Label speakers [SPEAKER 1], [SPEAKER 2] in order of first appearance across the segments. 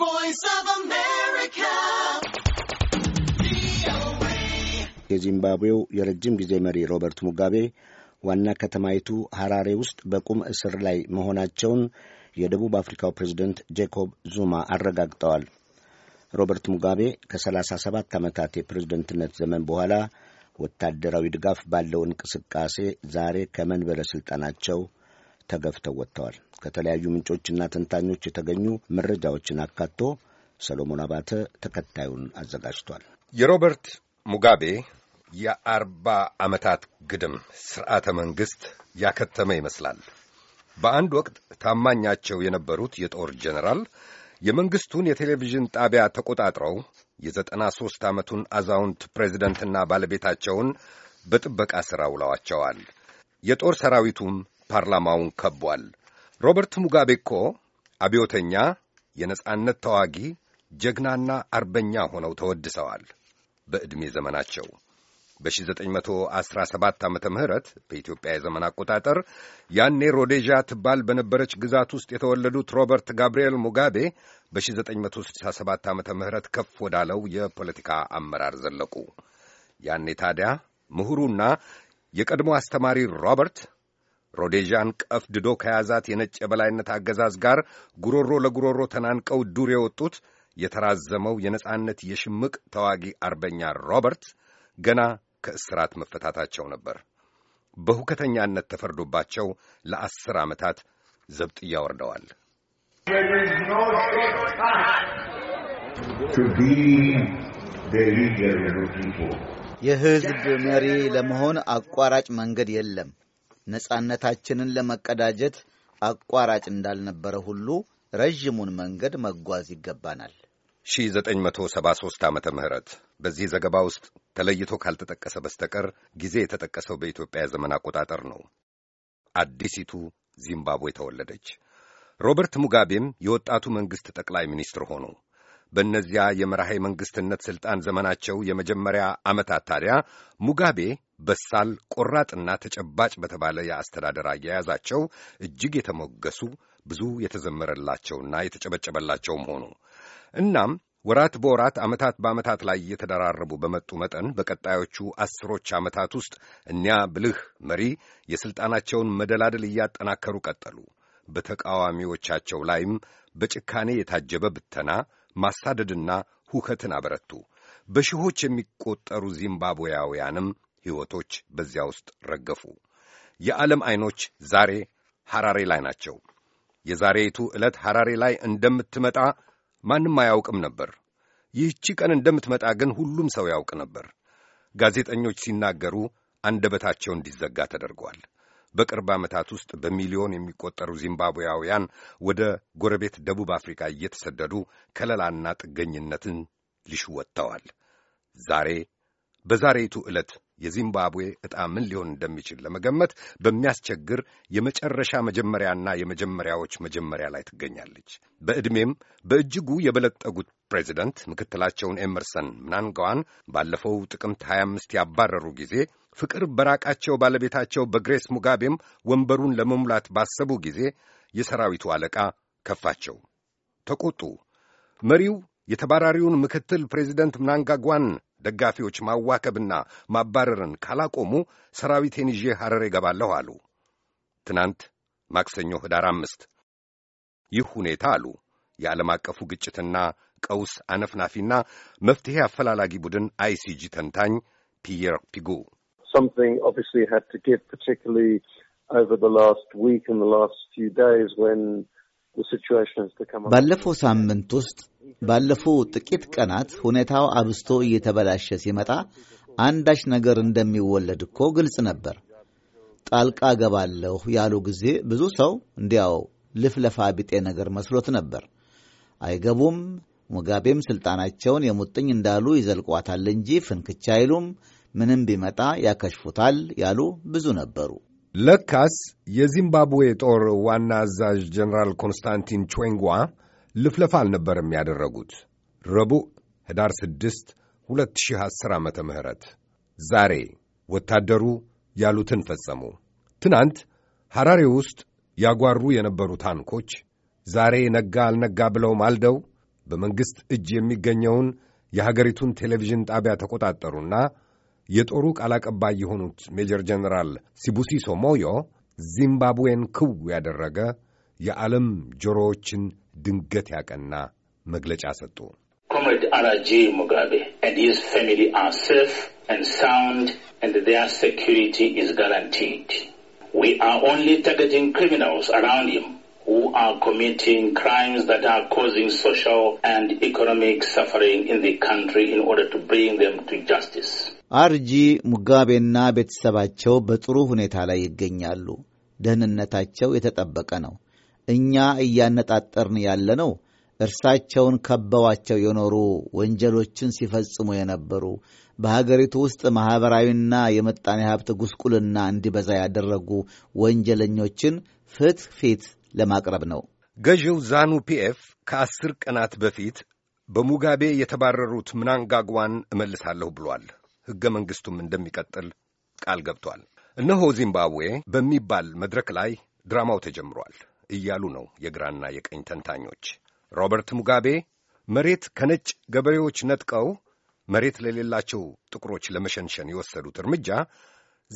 [SPEAKER 1] voice የዚምባብዌው የረጅም ጊዜ መሪ ሮበርት ሙጋቤ ዋና ከተማይቱ ሐራሬ ውስጥ በቁም እስር ላይ መሆናቸውን የደቡብ አፍሪካው ፕሬዝደንት ጄኮብ ዙማ አረጋግጠዋል። ሮበርት ሙጋቤ ከ37 ዓመታት የፕሬዝደንትነት ዘመን በኋላ ወታደራዊ ድጋፍ ባለው እንቅስቃሴ ዛሬ ከመንበረ ሥልጣናቸው ተገፍተው ወጥተዋል። ከተለያዩ ምንጮችና ተንታኞች የተገኙ መረጃዎችን አካቶ ሰሎሞን አባተ ተከታዩን አዘጋጅቷል።
[SPEAKER 2] የሮበርት ሙጋቤ የአርባ ዓመታት ግድም ሥርዓተ መንግሥት ያከተመ ይመስላል። በአንድ ወቅት ታማኛቸው የነበሩት የጦር ጀነራል የመንግሥቱን የቴሌቪዥን ጣቢያ ተቆጣጥረው የዘጠና ሦስት ዓመቱን አዛውንት ፕሬዚደንትና ባለቤታቸውን በጥበቃ ሥራ ውለዋቸዋል። የጦር ሰራዊቱም ፓርላማውን ከቧል። ሮበርት ሙጋቤ እኮ አብዮተኛ፣ የነጻነት ተዋጊ፣ ጀግናና አርበኛ ሆነው ተወድሰዋል በዕድሜ ዘመናቸው። በ1917 ዓ. ምህረት በኢትዮጵያ የዘመን አቆጣጠር ያኔ ሮዴዣ ትባል በነበረች ግዛት ውስጥ የተወለዱት ሮበርት ጋብርኤል ሙጋቤ በ1967 ዓ. ምህረት ከፍ ወዳለው የፖለቲካ አመራር ዘለቁ። ያኔ ታዲያ ምሁሩና የቀድሞ አስተማሪ ሮበርት ሮዴዣን ቀፍድዶ ከያዛት የነጭ የበላይነት አገዛዝ ጋር ጉሮሮ ለጉሮሮ ተናንቀው ዱር የወጡት የተራዘመው የነጻነት የሽምቅ ተዋጊ አርበኛ ሮበርት ገና ከእስራት መፈታታቸው ነበር። በሁከተኛነት ተፈርዶባቸው ለአስር ዓመታት ዘብጥያ ወርደዋል።
[SPEAKER 1] የሕዝብ መሪ ለመሆን አቋራጭ መንገድ የለም። ነጻነታችንን ለመቀዳጀት አቋራጭ እንዳልነበረ ሁሉ ረዥሙን መንገድ መጓዝ
[SPEAKER 2] ይገባናል። 1973 ዓ ምህረት በዚህ ዘገባ ውስጥ ተለይቶ ካልተጠቀሰ በስተቀር ጊዜ የተጠቀሰው በኢትዮጵያ የዘመን አቆጣጠር ነው። አዲሲቱ ዚምባብዌ ተወለደች። ሮበርት ሙጋቤም የወጣቱ መንግሥት ጠቅላይ ሚኒስትር ሆኑ። በእነዚያ የመራሄ መንግሥትነት ሥልጣን ዘመናቸው የመጀመሪያ ዓመታት ታዲያ ሙጋቤ በሳል ቆራጥና ተጨባጭ በተባለ የአስተዳደር አያያዛቸው እጅግ የተሞገሱ ብዙ የተዘመረላቸውና የተጨበጨበላቸውም ሆኑ። እናም ወራት በወራት ዓመታት በዓመታት ላይ እየተደራረቡ በመጡ መጠን በቀጣዮቹ አስሮች ዓመታት ውስጥ እኒያ ብልህ መሪ የሥልጣናቸውን መደላደል እያጠናከሩ ቀጠሉ። በተቃዋሚዎቻቸው ላይም በጭካኔ የታጀበ ብተና ማሳደድና ሁከትን አበረቱ። በሺዎች የሚቆጠሩ ዚምባብዌያውያንም ሕይወቶች በዚያ ውስጥ ረገፉ። የዓለም ዐይኖች ዛሬ ሐራሬ ላይ ናቸው። የዛሬይቱ ዕለት ሐራሬ ላይ እንደምትመጣ ማንም አያውቅም ነበር። ይህቺ ቀን እንደምትመጣ ግን ሁሉም ሰው ያውቅ ነበር። ጋዜጠኞች ሲናገሩ አንደበታቸው እንዲዘጋ ተደርጓል። በቅርብ ዓመታት ውስጥ በሚሊዮን የሚቆጠሩ ዚምባብዌያውያን ወደ ጎረቤት ደቡብ አፍሪካ እየተሰደዱ ከለላና ጥገኝነትን ሊሹ ወጥተዋል። ዛሬ በዛሬይቱ ዕለት የዚምባብዌ ዕጣ ምን ሊሆን እንደሚችል ለመገመት በሚያስቸግር የመጨረሻ መጀመሪያና የመጀመሪያዎች መጀመሪያ ላይ ትገኛለች። በዕድሜም በእጅጉ የበለጠጉት ፕሬዚደንት ምክትላቸውን ኤመርሰን ምናንጋዋን ባለፈው ጥቅምት 25 ያባረሩ ጊዜ ፍቅር በራቃቸው ባለቤታቸው በግሬስ ሙጋቤም ወንበሩን ለመሙላት ባሰቡ ጊዜ የሰራዊቱ አለቃ ከፋቸው፣ ተቆጡ። መሪው የተባራሪውን ምክትል ፕሬዚደንት ምናንጋጓን ደጋፊዎች ማዋከብና ማባረርን ካላቆሙ ሰራዊቴን ይዤ ሐረር ይገባለሁ አሉ። ትናንት ማክሰኞ ኅዳር አምስት ይህ ሁኔታ አሉ የዓለም አቀፉ ግጭትና ቀውስ አነፍናፊና መፍትሔ አፈላላጊ ቡድን አይሲጂ ተንታኝ ፒየር ፒጉ
[SPEAKER 1] ባለፈው ሳምንት ውስጥ ባለፉ ጥቂት ቀናት ሁኔታው አብስቶ እየተበላሸ ሲመጣ አንዳች ነገር እንደሚወለድ እኮ ግልጽ ነበር። ጣልቃ ገባለሁ ያሉ ጊዜ ብዙ ሰው እንዲያው ልፍለፋ ቢጤ ነገር መስሎት ነበር። አይገቡም፣ ሙጋቤም ሥልጣናቸውን የሙጥኝ እንዳሉ ይዘልቋታል እንጂ ፍንክቻ አይሉም፣
[SPEAKER 2] ምንም ቢመጣ ያከሽፉታል ያሉ ብዙ ነበሩ። ለካስ የዚምባብዌ ጦር ዋና አዛዥ ጀነራል ኮንስታንቲን ቾንጓ ልፍለፋ አልነበረም ያደረጉት። ረቡዕ ህዳር 6 2010 ዓ ምህረት ዛሬ ወታደሩ ያሉትን ፈጸሙ። ትናንት ሐራሬ ውስጥ ያጓሩ የነበሩ ታንኮች ዛሬ ነጋ አልነጋ ብለው ማልደው በመንግሥት እጅ የሚገኘውን የሀገሪቱን ቴሌቪዥን ጣቢያ ተቆጣጠሩና የጦሩ ቃል አቀባይ የሆኑት ሜጀር ጀነራል ሲቡሲሶ ሞዮ ዚምባብዌን ክው ያደረገ የዓለም ጆሮዎችን ድንገት ያቀና መግለጫ ሰጡ። ኮምሬድ አራጂ ሙጋቤ ኤንድ ሂዝ ፋሚሊ አር ሴፍ ኤንድ ሳውንድ ኤንድ ዜር ሴኩሪቲ ኢዝ ጋራንቲድ ዊ አር ኦንሊ
[SPEAKER 1] ታርጌቲንግ ክሪሚናልስ አራውንድ ሂም are committing crimes that are causing social and economic suffering in the country in order to bring them to justice. አርጂ ሙጋቤና ቤተሰባቸው በጥሩ ሁኔታ ላይ ይገኛሉ። ደህንነታቸው የተጠበቀ ነው። እኛ እያነጣጠርን ያለነው እርሳቸውን ከበዋቸው የኖሩ ወንጀሎችን ሲፈጽሙ የነበሩ በሀገሪቱ ውስጥ ማኅበራዊና የምጣኔ ሀብት ጉስቁልና እንዲበዛ ያደረጉ ወንጀለኞችን
[SPEAKER 2] ፍትሕ ፊት ለማቅረብ ነው። ገዢው ዛኑ ፒኤፍ ከአስር ቀናት በፊት በሙጋቤ የተባረሩት ምናንጋግዋን እመልሳለሁ ብሏል። ሕገ መንግሥቱም እንደሚቀጥል ቃል ገብቷል። እነሆ ዚምባብዌ በሚባል መድረክ ላይ ድራማው ተጀምሯል እያሉ ነው የግራና የቀኝ ተንታኞች። ሮበርት ሙጋቤ መሬት ከነጭ ገበሬዎች ነጥቀው መሬት ለሌላቸው ጥቁሮች ለመሸንሸን የወሰዱት እርምጃ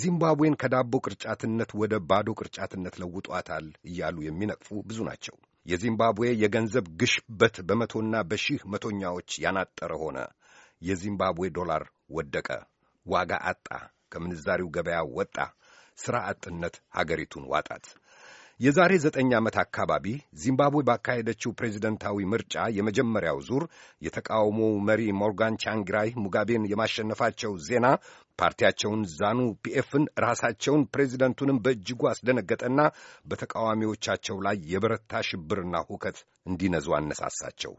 [SPEAKER 2] ዚምባብዌን ከዳቦ ቅርጫትነት ወደ ባዶ ቅርጫትነት ለውጧታል እያሉ የሚነቅፉ ብዙ ናቸው። የዚምባብዌ የገንዘብ ግሽበት በመቶና በሺህ መቶኛዎች ያናጠረ ሆነ። የዚምባብዌ ዶላር ወደቀ፣ ዋጋ አጣ፣ ከምንዛሪው ገበያ ወጣ። ሥራ አጥነት ሀገሪቱን ዋጣት። የዛሬ ዘጠኝ ዓመት አካባቢ ዚምባብዌ ባካሄደችው ፕሬዚደንታዊ ምርጫ የመጀመሪያው ዙር የተቃውሞው መሪ ሞርጋን ቻንግራይ ሙጋቤን የማሸነፋቸው ዜና ፓርቲያቸውን ዛኑ ፒኤፍን ራሳቸውን ፕሬዚደንቱንም በእጅጉ አስደነገጠና በተቃዋሚዎቻቸው ላይ የበረታ ሽብርና ሁከት እንዲነዙ አነሳሳቸው።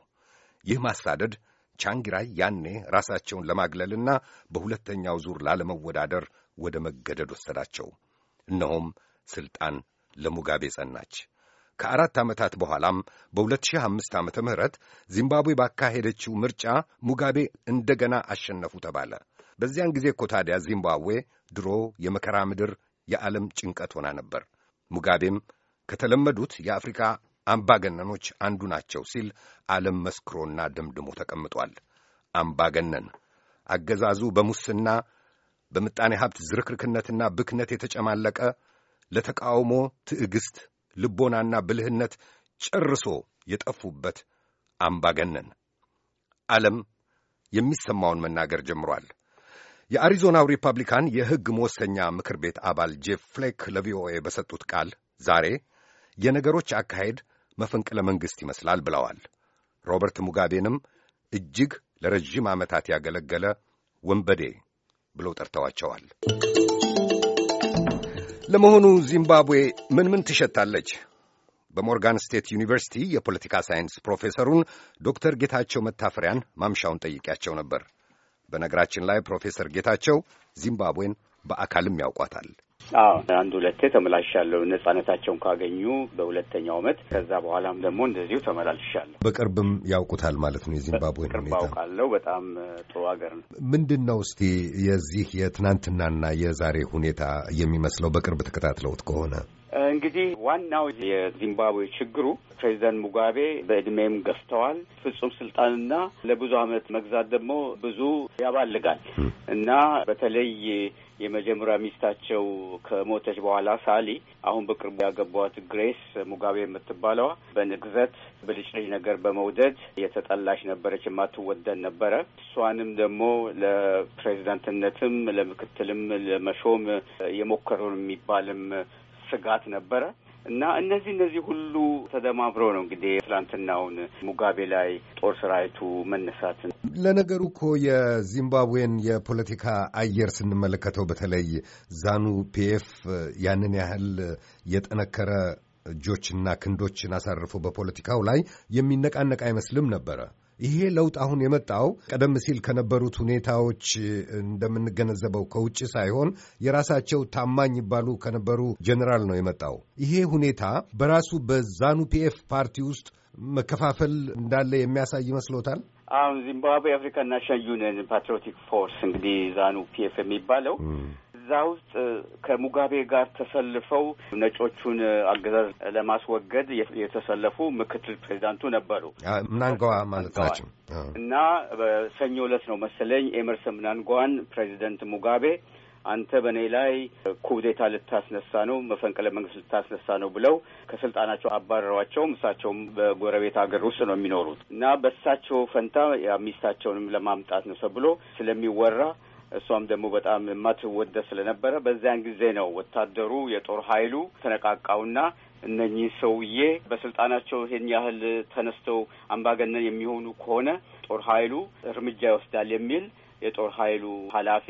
[SPEAKER 2] ይህ ማሳደድ ቻንጊራይ ያኔ ራሳቸውን ለማግለልና በሁለተኛው ዙር ላለመወዳደር ወደ መገደድ ወሰዳቸው። እነሆም ሥልጣን ለሙጋቤ ጸናች። ከአራት ዓመታት በኋላም በ2005 ዓመተ ምህረት ዚምባብዌ ባካሄደችው ምርጫ ሙጋቤ እንደገና አሸነፉ ተባለ። በዚያን ጊዜ እኮ ታዲያ ዚምባብዌ ድሮ የመከራ ምድር፣ የዓለም ጭንቀት ሆና ነበር። ሙጋቤም ከተለመዱት የአፍሪካ አምባገነኖች አንዱ ናቸው ሲል ዓለም መስክሮና ደምድሞ ተቀምጧል። አምባገነን አገዛዙ በሙስና በምጣኔ ሀብት ዝርክርክነትና ብክነት የተጨማለቀ ለተቃውሞ ትዕግሥት፣ ልቦናና ብልህነት ጨርሶ የጠፉበት አምባገነን ዓለም የሚሰማውን መናገር ጀምሯል። የአሪዞናው ሪፐብሊካን የሕግ መወሰኛ ምክር ቤት አባል ጄፍ ፍሌክ ለቪኦኤ በሰጡት ቃል ዛሬ የነገሮች አካሄድ መፈንቅለ መንግሥት ይመስላል ብለዋል። ሮበርት ሙጋቤንም እጅግ ለረዥም ዓመታት ያገለገለ ወንበዴ ብለው ጠርተዋቸዋል። ለመሆኑ ዚምባብዌ ምን ምን ትሸታለች? በሞርጋን ስቴት ዩኒቨርሲቲ የፖለቲካ ሳይንስ ፕሮፌሰሩን ዶክተር ጌታቸው መታፈሪያን ማምሻውን ጠይቄያቸው ነበር። በነገራችን ላይ ፕሮፌሰር ጌታቸው ዚምባብዌን በአካልም ያውቋታል።
[SPEAKER 3] አዎ አንድ ሁለቴ ተመላልሻለሁ። ነጻነታቸውን ካገኙ በሁለተኛው ዓመት ከዛ በኋላም ደግሞ እንደዚሁ ተመላልሻለሁ።
[SPEAKER 2] በቅርብም ያውቁታል ማለት ነው። የዚምባብዌን ሁኔታ
[SPEAKER 3] አውቃለሁ። በጣም ጥሩ ሀገር ነው።
[SPEAKER 2] ምንድን ነው እስቲ የዚህ የትናንትናና የዛሬ ሁኔታ የሚመስለው በቅርብ ተከታትለውት ከሆነ
[SPEAKER 3] እንግዲህ ዋናው የዚምባብዌ ችግሩ ፕሬዚደንት ሙጋቤ በእድሜም ገፍተዋል። ፍጹም ስልጣንና ለብዙ አመት መግዛት ደግሞ ብዙ ያባልጋል እና በተለይ የመጀመሪያ ሚስታቸው ከሞተች በኋላ ሳሊ፣ አሁን በቅርቡ ያገቧት ግሬስ ሙጋቤ የምትባለዋ በንግዘት ብልጭልጭ ነገር በመውደድ የተጠላች ነበረች፣ የማትወደድ ነበረ። እሷንም ደግሞ ለፕሬዚዳንትነትም ለምክትልም ለመሾም የሞከሩን የሚባልም ስጋት ነበረ እና እነዚህ እነዚህ ሁሉ ተደማምረው ነው እንግዲህ ትላንትናውን ሙጋቤ ላይ ጦር ሰራዊቱ መነሳትን።
[SPEAKER 2] ለነገሩ እኮ የዚምባብዌን የፖለቲካ አየር ስንመለከተው በተለይ ዛኑ ፒኤፍ ያንን ያህል የጠነከረ እጆችና ክንዶችን አሳርፎ በፖለቲካው ላይ የሚነቃነቅ አይመስልም ነበረ። ይሄ ለውጥ አሁን የመጣው ቀደም ሲል ከነበሩት ሁኔታዎች እንደምንገነዘበው ከውጭ ሳይሆን የራሳቸው ታማኝ ይባሉ ከነበሩ ጀኔራል ነው የመጣው። ይሄ ሁኔታ በራሱ በዛኑ ፒኤፍ ፓርቲ ውስጥ መከፋፈል እንዳለ የሚያሳይ ይመስሎታል?
[SPEAKER 3] አሁን ዚምባብዌ አፍሪካን ናሽናል ዩኒየን ፓትሪዮቲክ ፎርስ እንግዲህ ዛኑ ፒኤፍ የሚባለው እዛ ውስጥ ከሙጋቤ ጋር ተሰልፈው ነጮቹን አገዛዝ ለማስወገድ የተሰለፉ ምክትል ፕሬዚዳንቱ ነበሩ።
[SPEAKER 2] ምናንገዋ ማለት ናቸው
[SPEAKER 3] እና በሰኞ ዕለት ነው መሰለኝ ኤመርሰን ምናንጓን ፕሬዚደንት ሙጋቤ አንተ በእኔ ላይ ኩብዴታ ልታስነሳ ነው፣ መፈንቅለ መንግስት ልታስነሳ ነው ብለው ከስልጣናቸው አባረሯቸውም። እሳቸውም በጎረቤት ሀገር ውስጥ ነው የሚኖሩት እና በእሳቸው ፈንታ ሚስታቸውንም ለማምጣት ነው ተብሎ ስለሚወራ እሷም ደግሞ በጣም የማትወደድ ስለነበረ በዚያን ጊዜ ነው ወታደሩ የጦር ኃይሉ ተነቃቃውና እነኚህ ሰውዬ በስልጣናቸው ይሄን ያህል ተነስተው አምባገነን የሚሆኑ ከሆነ ጦር ኃይሉ እርምጃ ይወስዳል የሚል የጦር ኃይሉ ኃላፊ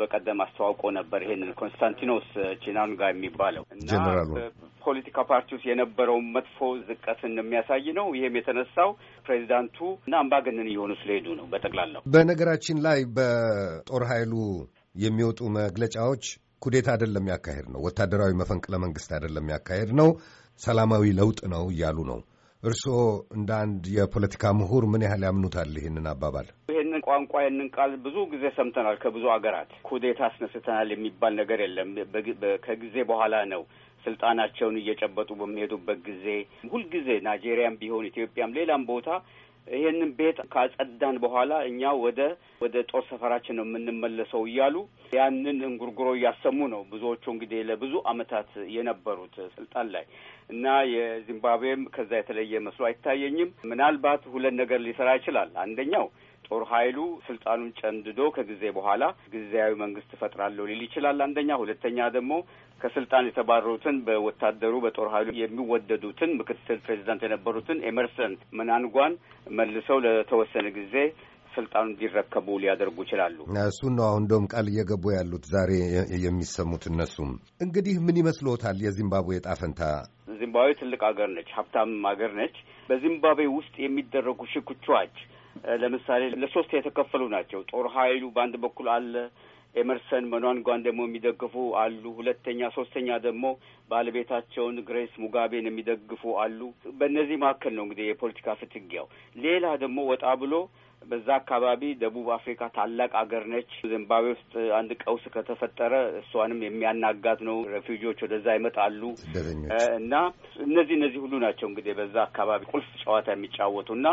[SPEAKER 3] በቀደም አስተዋውቆ ነበር። ይሄንን ኮንስታንቲኖስ ቺናንጋ የሚባለው እና ፖለቲካ ፓርቲ ውስጥ የነበረውን መጥፎ ዝቀትን የሚያሳይ ነው። ይህም የተነሳው ፕሬዚዳንቱ እና አምባገነን እየሆኑ ስለሄዱ ነው። በጠቅላላው
[SPEAKER 2] በነገራችን ላይ በጦር ኃይሉ የሚወጡ መግለጫዎች ኩዴታ አይደለም ያካሄድ ነው፣ ወታደራዊ መፈንቅለ መንግስት አይደለም ያካሄድ ነው፣ ሰላማዊ ለውጥ ነው እያሉ ነው። እርስዎ እንደ አንድ የፖለቲካ ምሁር ምን ያህል ያምኑታል ይህንን አባባል?
[SPEAKER 3] ይህንን ቋንቋ ይህንን ቃል ብዙ ጊዜ ሰምተናል። ከብዙ ሀገራት ኩዴታ አስነስተናል የሚባል ነገር የለም። ከጊዜ በኋላ ነው ስልጣናቸውን እየጨበጡ በሚሄዱበት ጊዜ ሁልጊዜ ናይጄሪያም ቢሆን ኢትዮጵያም፣ ሌላም ቦታ ይህንን ቤት ካጸዳን በኋላ እኛ ወደ ወደ ጦር ሰፈራችን ነው የምንመለሰው እያሉ ያንን እንጉርጉሮ እያሰሙ ነው ብዙዎቹ እንግዲህ ለብዙ ዓመታት የነበሩት ስልጣን ላይ እና የዚምባብዌም ከዛ የተለየ መስሎ አይታየኝም። ምናልባት ሁለት ነገር ሊሰራ ይችላል። አንደኛው ጦር ኃይሉ ስልጣኑን ጨንድዶ ከጊዜ በኋላ ጊዜያዊ መንግስት እፈጥራለሁ ሊል ይችላል። አንደኛ። ሁለተኛ ደግሞ ከስልጣን የተባረሩትን በወታደሩ በጦር ኃይሉ የሚወደዱትን ምክትል ፕሬዚዳንት የነበሩትን ኤመርሰን ምናንጓን መልሰው ለተወሰነ ጊዜ ስልጣኑ እንዲረከቡ ሊያደርጉ ይችላሉ።
[SPEAKER 2] እሱን ነው አሁን እንደውም ቃል እየገቡ ያሉት ዛሬ የሚሰሙት። እነሱም እንግዲህ ምን ይመስልዎታል የዚምባብዌ ጣፈንታ
[SPEAKER 3] ዚምባብዌ ትልቅ ሀገር ነች፣ ሀብታም ሀገር ነች። በዚምባብዌ ውስጥ የሚደረጉ ሽኩቻዎች ለምሳሌ ለሶስት የተከፈሉ ናቸው። ጦር ኃይሉ በአንድ በኩል አለ። ኤመርሰን መኗንጓን ደግሞ የሚደግፉ አሉ። ሁለተኛ፣ ሶስተኛ ደግሞ ባለቤታቸውን ግሬስ ሙጋቤን የሚደግፉ አሉ። በእነዚህ መካከል ነው እንግዲህ የፖለቲካ ፍትጊያው። ሌላ ደግሞ ወጣ ብሎ በዛ አካባቢ ደቡብ አፍሪካ ታላቅ አገር ነች። ዚምባብዌ ውስጥ አንድ ቀውስ ከተፈጠረ እሷንም የሚያናጋት ነው። ሬፊውጂዎች ወደዛ ይመጣሉ እና እነዚህ እነዚህ ሁሉ ናቸው እንግዲህ በዛ አካባቢ ቁልፍ ጨዋታ የሚጫወቱና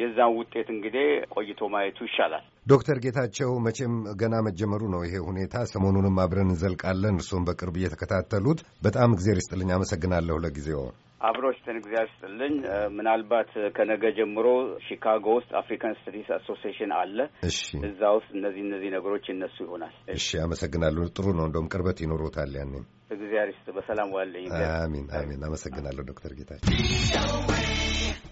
[SPEAKER 3] የዛን ውጤት እንግዲህ ቆይቶ ማየቱ ይሻላል።
[SPEAKER 2] ዶክተር ጌታቸው መቼም ገና መጀመሩ ነው ይሄ ሁኔታ። ሰሞኑንም አብረን እንዘልቃለን። እርስዎም በቅርብ እየተከታተሉት በጣም እግዜር ይስጥልኝ። አመሰግናለሁ ለጊዜው።
[SPEAKER 3] አብሮች እግዚአብሔር ስጥልኝ። ምናልባት ከነገ ጀምሮ ሺካጎ ውስጥ አፍሪካን ስቱዲስ አሶሲሽን አለ። እሺ፣ እዛ ውስጥ እነዚህ እነዚህ ነገሮች ይነሱ ይሆናል።
[SPEAKER 2] እሺ፣ አመሰግናለሁ። ጥሩ ነው። እንደውም ቅርበት ይኖሮታል። ያኔም።
[SPEAKER 3] እግዚአብሔር ይስጥ። በሰላም ዋለኝ። አሚን፣ አሚን።
[SPEAKER 2] አመሰግናለሁ ዶክተር
[SPEAKER 3] ጌታቸው